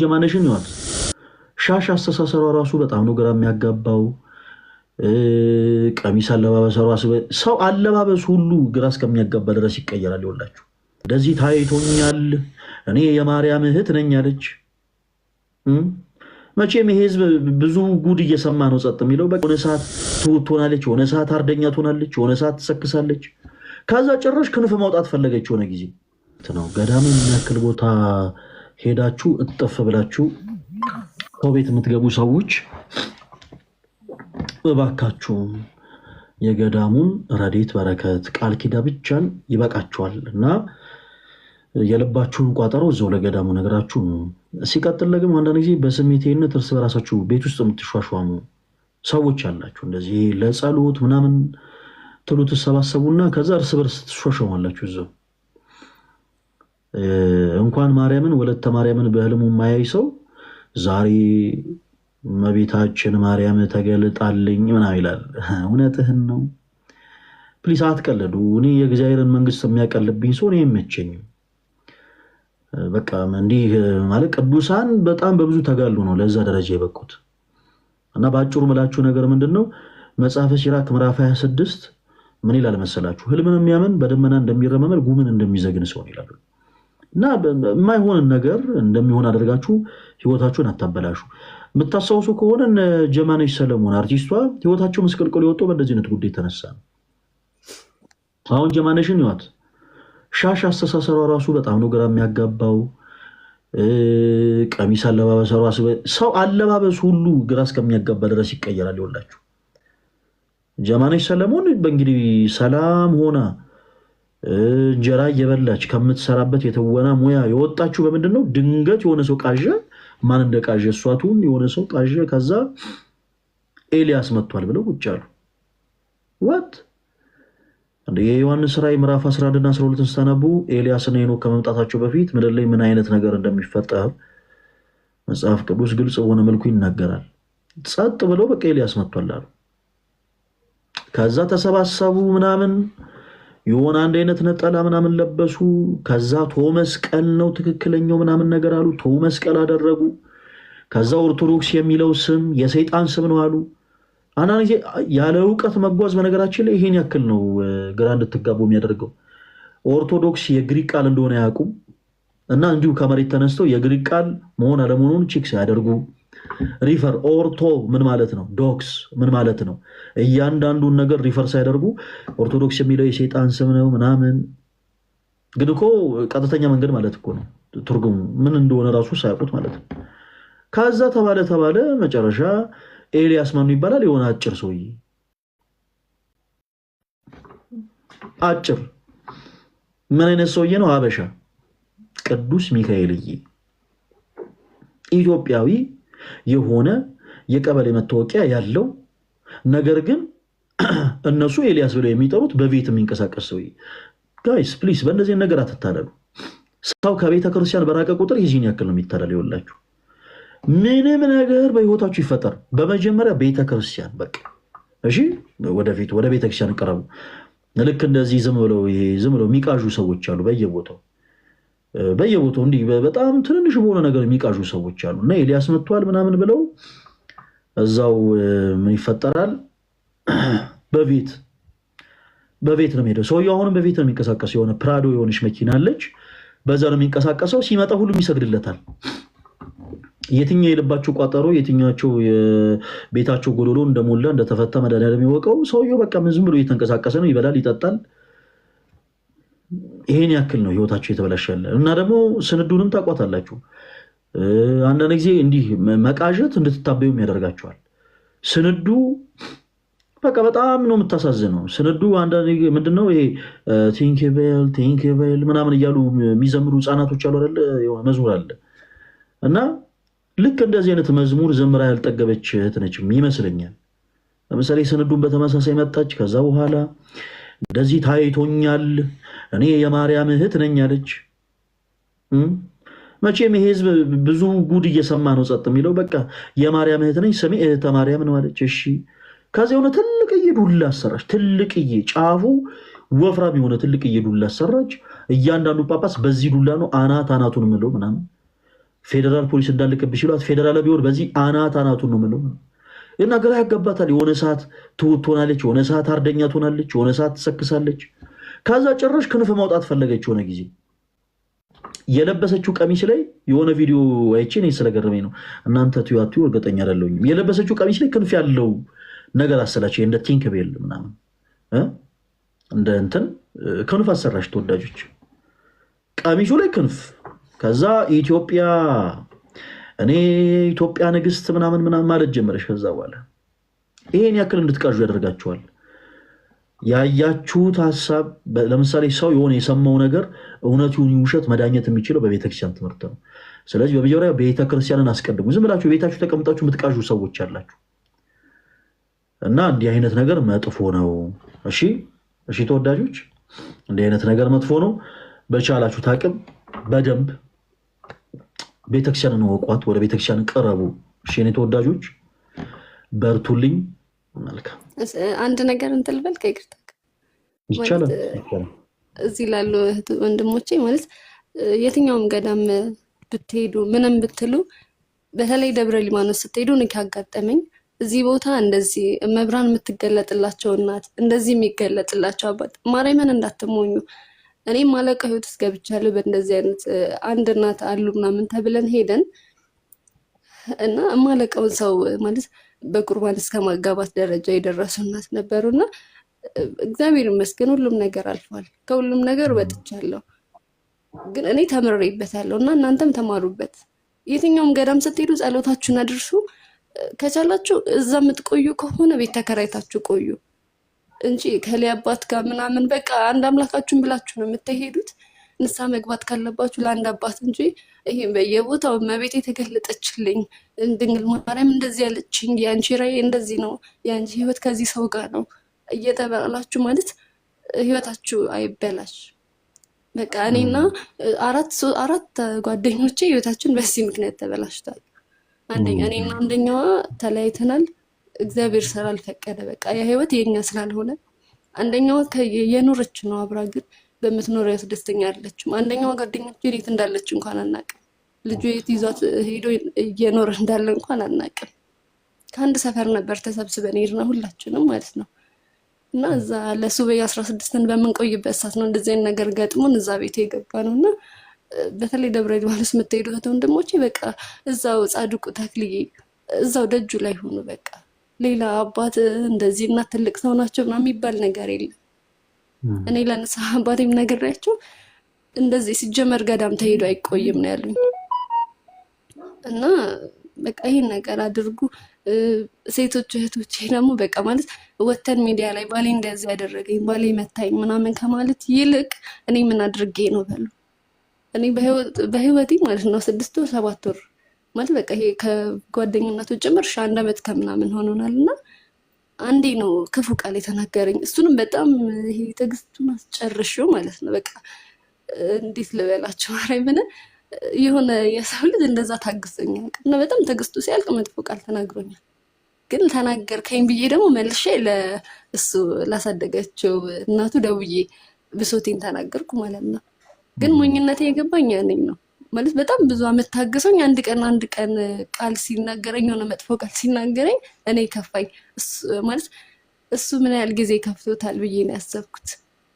ጀማነሽን ይዋል ሻሽ አስተሳሰሯ ራሱ በጣም ነው ግራ የሚያጋባው። ቀሚስ አለባበሰ ራሱ ሰው አለባበስ ሁሉ ግራ እስከሚያጋባ ድረስ ይቀየራል። ይወላችሁ እንደዚህ ታይቶኛል። እኔ የማርያም እህት ነኝ አለች። መቼም ይሄ ህዝብ ብዙ ጉድ እየሰማ ነው ጸጥ የሚለው። የሆነ ሰዓት ትሁት ትሆናለች፣ የሆነ ሰዓት አርደኛ ትሆናለች፣ የሆነ ሰዓት ትሰክሳለች። ከዛ ጭራሽ ክንፍ ማውጣት ፈለገች የሆነ ጊዜ ነው ገዳምን የሚያክል ቦታ ሄዳችሁ እጠፍ ብላችሁ ሰው ቤት የምትገቡ ሰዎች እባካችሁም የገዳሙን ረዴት በረከት ቃል ኪዳ ብቻን ይበቃችኋል እና የልባችሁን ቋጠሮ እዛው ለገዳሙ ነገራችሁ። ሲቀጥል ደግሞ አንዳንድ ጊዜ በስሜቴነት እርስ በራሳችሁ ቤት ውስጥ የምትሿሿሙ ሰዎች አላችሁ። እንደዚህ ለጸሎት ምናምን ትሉ ትሰባሰቡና ከዛ እርስ በርስ ትሿሿማላችሁ እዛው እንኳን ማርያምን ወለተ ማርያምን በህልሙ የማያይ ሰው ዛሬ መቤታችን ማርያም ተገልጣልኝ ምናምን ይላል። እውነትህን ነው። ፕሊስ አትቀልዱ። እኔ የእግዚአብሔርን መንግስት የሚያቀልብኝ ሰው እኔ አይመቸኝም። በቃ እንዲህ ማለት ቅዱሳን በጣም በብዙ ተጋሉ ነው ለዛ ደረጃ የበቁት እና በአጭሩ ምላችሁ ነገር ምንድን ነው መጽሐፈ ሲራክ ምዕራፍ 26 ምን ይላል መሰላችሁ? ህልምን የሚያምን በደመና እንደሚረመመል ጉምን እንደሚዘግን ሰውን ይላሉ። እና የማይሆንን ነገር እንደሚሆን አደርጋችሁ ህይወታችሁን አታበላሹ። የምታስታውሱ ከሆነ ጀማነች ጀማነሽ ሰለሞን አርቲስቷ ህይወታቸው ምስቅልቅል የወጣው በእንደዚህ አይነት ጉዳይ ተነሳ ነው። አሁን ጀማነሽን ይዋት ሻሽ አስተሳሰሯ ራሱ በጣም ነው ግራ የሚያጋባው። ቀሚስ አለባበሰ ሰው አለባበስ ሁሉ ግራ እስከሚያጋባ ድረስ ይቀየራል። ይወላችሁ ጀማነች ሰለሞን በእንግዲህ ሰላም ሆና እንጀራ እየበላች ከምትሰራበት የትወና ሙያ የወጣችሁ በምንድን ነው? ድንገት የሆነ ሰው ቃዣ፣ ማን እንደ ቃዣ እሷቱን የሆነ ሰው ቃዣ፣ ከዛ ኤልያስ መጥቷል ብለው ቁጭ አሉ። ዋት የዮሐንስ ራእይ ምዕራፍ 11ና 12 ስታነቡ ኤልያስና ሄኖክ ከመምጣታቸው በፊት ምድር ላይ ምን አይነት ነገር እንደሚፈጠር መጽሐፍ ቅዱስ ግልጽ በሆነ መልኩ ይናገራል። ጸጥ ብለው በቃ ኤልያስ መጥቷል አሉ። ከዛ ተሰባሰቡ ምናምን የሆነ አንድ አይነት ነጠላ ምናምን ለበሱ። ከዛ ቶ መስቀል ነው ትክክለኛው ምናምን ነገር አሉ። ቶ መስቀል አደረጉ። ከዛ ኦርቶዶክስ የሚለው ስም የሰይጣን ስም ነው አሉ። አንዳንድ ጊዜ ያለ እውቀት መጓዝ በነገራችን ላይ ይሄን ያክል ነው ግራ እንድትጋቡ የሚያደርገው። ኦርቶዶክስ የግሪክ ቃል እንደሆነ አያውቁም እና እንዲሁ ከመሬት ተነስተው የግሪክ ቃል መሆን አለመሆኑን ቺክ ሳያደርጉ ሪፈር ኦርቶ ምን ማለት ነው? ዶክስ ምን ማለት ነው? እያንዳንዱን ነገር ሪፈር ሳያደርጉ ኦርቶዶክስ የሚለው የሴጣን ስም ነው ምናምን፣ ግን እኮ ቀጥተኛ መንገድ ማለት እኮ ነው ትርጉሙ ምን እንደሆነ ራሱ ሳያውቁት ማለት ነው። ከዛ ተባለ ተባለ መጨረሻ ኤልያስ ማኑ ይባላል የሆነ አጭር ሰውዬ አጭር ምን አይነት ሰውዬ ነው? ሀበሻ ቅዱስ ሚካኤልዬ ኢትዮጵያዊ የሆነ የቀበሌ መታወቂያ ያለው ነገር ግን እነሱ ኤልያስ ብለው የሚጠሩት በቤት የሚንቀሳቀስ ሰው ጋይስ ፕሊስ፣ በእነዚህ ነገር አትታለሉ። ሰው ከቤተ ክርስቲያን በራቀ ቁጥር የዚህን ያክል ነው የሚታለል። ይወላችሁ ምንም ነገር በህይወታችሁ ይፈጠር፣ በመጀመሪያ ቤተ ክርስቲያን በቃ እሺ፣ ወደፊት ወደ ቤተክርስቲያን ቀረቡ። ልክ እንደዚህ ዝም ብለው ይሄ ዝም ብለው የሚቃዡ ሰዎች አሉ በየቦታው በየቦታው እንዲህ በጣም ትንንሽ በሆነ ነገር የሚቃዡ ሰዎች አሉ እና ኤልያስ መጥቷል ምናምን ብለው እዛው ምን ይፈጠራል? በቤት በቤት ነው የሚሄደው ሰውዬው። አሁንም በቤት ነው የሚንቀሳቀሰው። የሆነ ፕራዶ የሆነች መኪና አለች፣ በዛ ነው የሚንቀሳቀሰው። ሲመጣ ሁሉም ይሰግድለታል። የትኛው የልባቸው ቋጠሮ የትኛቸው ቤታቸው ጎዶሎ እንደሞላ እንደተፈታ መዳሊያ የሚወቀው ሰውዬው በቃ ዝም ብሎ እየተንቀሳቀሰ ነው። ይበላል፣ ይጠጣል ይሄን ያክል ነው ህይወታቸው የተበላሸ ያለ እና ደግሞ ስንዱንም ታቋታላችሁ አንዳንድ ጊዜ እንዲህ መቃዠት እንድትታበዩም ያደርጋቸዋል። ስንዱ በቃ በጣም ነው የምታሳዝነው። ስንዱ ምንድነው ይሄ ቲንክቤል ቲንክቤል ምናምን እያሉ የሚዘምሩ ህፃናቶች አሉ አይደለ? መዝሙር አለ እና ልክ እንደዚህ አይነት መዝሙር ዘምራ ያልጠገበች እህት ነች ይመስለኛል። ለምሳሌ ስንዱን በተመሳሳይ መጣች። ከዛ በኋላ እንደዚህ ታይቶኛል እኔ የማርያም እህት ነኝ አለች። መቼም ይሄ ህዝብ ብዙ ጉድ እየሰማ ነው ጸጥ የሚለው። በቃ የማርያም እህት ነኝ ስሜ እህተ ማርያም ነው አለች። እሺ ከዚያ የሆነ ትልቅዬ ዱላ አሰራች። ትልቅዬ ጫፉ ወፍራም የሆነ ትልቅዬ ዱላ አሰራች። እያንዳንዱ ጳጳስ በዚህ ዱላ ነው አናት አናቱን ምለው ምናምን ፌዴራል ፖሊስ እንዳልቅብሽ ይሏት። ፌዴራል ቢሆን በዚህ አናት አናቱን ነው ምለው እና ግራ ያጋባታል። የሆነ ሰዓት ትውት ትሆናለች፣ የሆነ ሰዓት አርደኛ ትሆናለች፣ የሆነ ሰዓት ትሰክሳለች። ከዛ ጭራሽ ክንፍ ማውጣት ፈለገች። የሆነ ጊዜ የለበሰችው ቀሚስ ላይ የሆነ ቪዲዮ አይቼ እኔ ስለገረመኝ ነው። እናንተ ትያቱ እርግጠኛ አይደለሁም። የለበሰችው ቀሚስ ላይ ክንፍ ያለው ነገር አሰላቸው እንደ ቲንክ ቤል ምናምን እንደ እንትን ክንፍ አሰራች። ተወዳጆች ቀሚሱ ላይ ክንፍ ከዛ ኢትዮጵያ እኔ ኢትዮጵያ ንግስት ምናምን ምናምን ማለት ጀመረች። ከዛ በኋላ ይሄን ያክል እንድትቀዡ ያደርጋችኋል። ያያችሁት ሀሳብ ለምሳሌ ሰው የሆነ የሰማው ነገር እውነት ይሁን ውሸት መዳኘት የሚችለው በቤተክርስቲያን ትምህርት ነው። ስለዚህ በመጀመሪያ ቤተክርስቲያንን አስቀድሙ። ዝም ብላችሁ ቤታችሁ ተቀምጣችሁ የምትቃዡ ሰዎች አላችሁ እና እንዲህ አይነት ነገር መጥፎ ነው። እሺ፣ እሺ ተወዳጆች፣ እንዲህ አይነት ነገር መጥፎ ነው። በቻላችሁ ታቅም በደንብ ቤተክርስቲያንን ወቋት፣ ወደ ቤተክርስቲያን ቀረቡ። እሺ፣ እኔ ተወዳጆች በርቱልኝ። አንድ ነገር እንትልበል ልበል ከይቅርታ እዚህ ላሉ እህት ወንድሞቼ ማለት የትኛውም ገዳም ብትሄዱ ምንም ብትሉ፣ በተለይ ደብረ ሊባኖስ ስትሄዱ ንክ ያጋጠመኝ እዚህ ቦታ እንደዚህ መብራን የምትገለጥላቸው እናት እንደዚህ የሚገለጥላቸው አባት ማርያምን እንዳትሞኙ። እኔም ማለቀ ህይወት ውስጥ ገብቻለሁ። በእንደዚህ አይነት አንድ እናት አሉ ምናምን ተብለን ሄደን እና ማለቀውን ሰው ማለት በቁርባን እስከ ማጋባት ደረጃ የደረሱ እናት እና እግዚአብሔር ይመስገን ሁሉም ነገር አልፏል። ከሁሉም ነገር ወጥቻለሁ። ግን እኔ ተምሬበታለሁ እና እናንተም ተማሩበት። የትኛውም ገዳም ስትሄዱ ጸሎታችሁን አድርሱ። ከቻላችሁ እዛ የምትቆዩ ከሆነ ቤት ተከራይታችሁ ቆዩ እንጂ ከሌ አባት ጋር ምናምን በቃ አንድ አምላካችሁን ብላችሁ ነው የምትሄዱት። ንሳ መግባት ካለባችሁ ለአንድ አባት እንጂ ይሄ በየቦታው መቤት የተገለጠችልኝ ድንግል ማርያም እንደዚህ ያለችኝ የአንቺ ራዕይ እንደዚህ ነው፣ የአንቺ ህይወት ከዚህ ሰው ጋር ነው እየተበላችሁ ማለት ህይወታችሁ አይበላሽ። በቃ እኔና አራት አራት ጓደኞቼ ህይወታችን በዚህ ምክንያት ተበላሽቷል። አንደኛ እኔና አንደኛዋ ተለያይተናል። እግዚአብሔር ስላልፈቀደ በቃ የህይወት የኛ ስላልሆነ አንደኛዋ የኖረች ነው አብራ ግን በምትኖሪው ደስተኛ አይደለችም። አንደኛዋ ጓደኛች የት እንዳለች እንኳን አናቅም። ልጁ የት ይዟት ሄዶ እየኖረ እንዳለ እንኳን አናቅም። ከአንድ ሰፈር ነበር ተሰብስበን ሄድና ሁላችንም ማለት ነው። እና እዛ ለሱቤ አስራ ስድስትን በምንቆይበት ሰዓት ነው እንደዚህ አይነት ነገር ገጥሞን እዛ ቤት የገባ ነው እና በተለይ ደብረ ሊባኖስ የምትሄዱ ወንድሞቼ በቃ እዛው ጻድቁ ተክልዬ እዛው ደጁ ላይ ሆኑ። በቃ ሌላ አባት እንደዚህ እና ትልቅ ሰው ናቸው ምናምን የሚባል ነገር የለም። እኔ ለንስሐ አባቴም ነግሬያቸው እንደዚህ ሲጀመር ገዳም ተሄዶ አይቆይም ነው ያሉኝ። እና በቃ ይህን ነገር አድርጉ ሴቶች እህቶቼ ደግሞ በቃ ማለት ወተን ሚዲያ ላይ ባሌ እንደዚህ ያደረገኝ ባሌ መታኝ ምናምን ከማለት ይልቅ እኔ ምን አድርጌ ነው በሉ። እኔ በህይወቴ ማለት ነው ስድስት ወር ሰባት ወር ማለት በቃ ይሄ ከጓደኝነቱ ጭምር ሺህ አንድ አመት ከምናምን ሆኖናል እና አንዴ ነው ክፉ ቃል የተናገረኝ። እሱንም በጣም ይሄ ትዕግስቱን አስጨርሽው ማለት ነው። በቃ እንዴት ልበላቸው አራይ ምን የሆነ የሰው ልጅ እንደዛ ታግሶኝ ያውቃል። እና በጣም ትዕግስቱ ሲያልቅ መጥፎ ቃል ተናግሮኛል። ግን ተናገርከኝ ብዬ ደግሞ መልሼ ለእሱ ላሳደገችው እናቱ ደውዬ ብሶቴን ተናገርኩ ማለት ነው። ግን ሞኝነቴ የገባኝ ያንኝ ነው። ማለት በጣም ብዙ አመት ታገሰኝ። አንድ ቀን አንድ ቀን ቃል ሲናገረኝ የሆነ መጥፎ ቃል ሲናገረኝ እኔ ከፋኝ። ማለት እሱ ምን ያህል ጊዜ ከፍቶታል ብዬ ነው ያሰብኩት።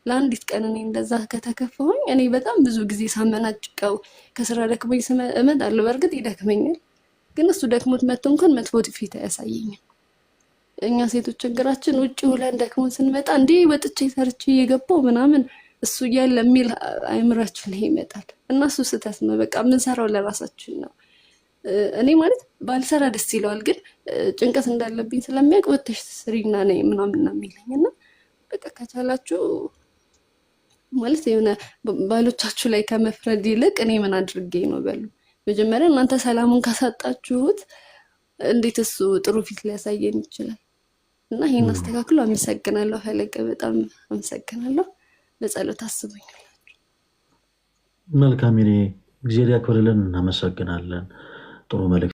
ለአንዲት ቀን እኔ እንደዛ ከተከፈኝ እኔ በጣም ብዙ ጊዜ ሳመናጭቀው ከስራ ደክሞኝ እመጣለሁ። በእርግጥ ይደክመኛል፣ ግን እሱ ደክሞት መጥቶ እንኳን መጥፎ ፊት አያሳየኝም። እኛ ሴቶች ችግራችን ውጭ ውለን ደክሞን ስንመጣ እንዲህ ወጥቼ ሰርቼ እየገባው ምናምን እሱ እያለ የሚል አይምራችሁ ላይ ይመጣል እና እሱ ስህተት ነው። በቃ የምንሰራው ለራሳችን ነው። እኔ ማለት ባልሰራ ደስ ይለዋል፣ ግን ጭንቀት እንዳለብኝ ስለሚያውቅ ወተሽ ስሪና ነኝ ምናምና የሚለኝ እና በቃ ከቻላችሁ ማለት የሆነ ባሎቻችሁ ላይ ከመፍረድ ይልቅ እኔ ምን አድርጌ ነው በሉ። መጀመሪያ እናንተ ሰላሙን ካሳጣችሁት እንዴት እሱ ጥሩ ፊት ሊያሳየን ይችላል? እና ይህን አስተካክሎ አመሰግናለሁ። ፈለቀ በጣም አመሰግናለሁ። በጸሎት አስቡኝ። መልካም እግዚአብሔር ያክብርልን። እናመሰግናለን። ጥሩ መልክ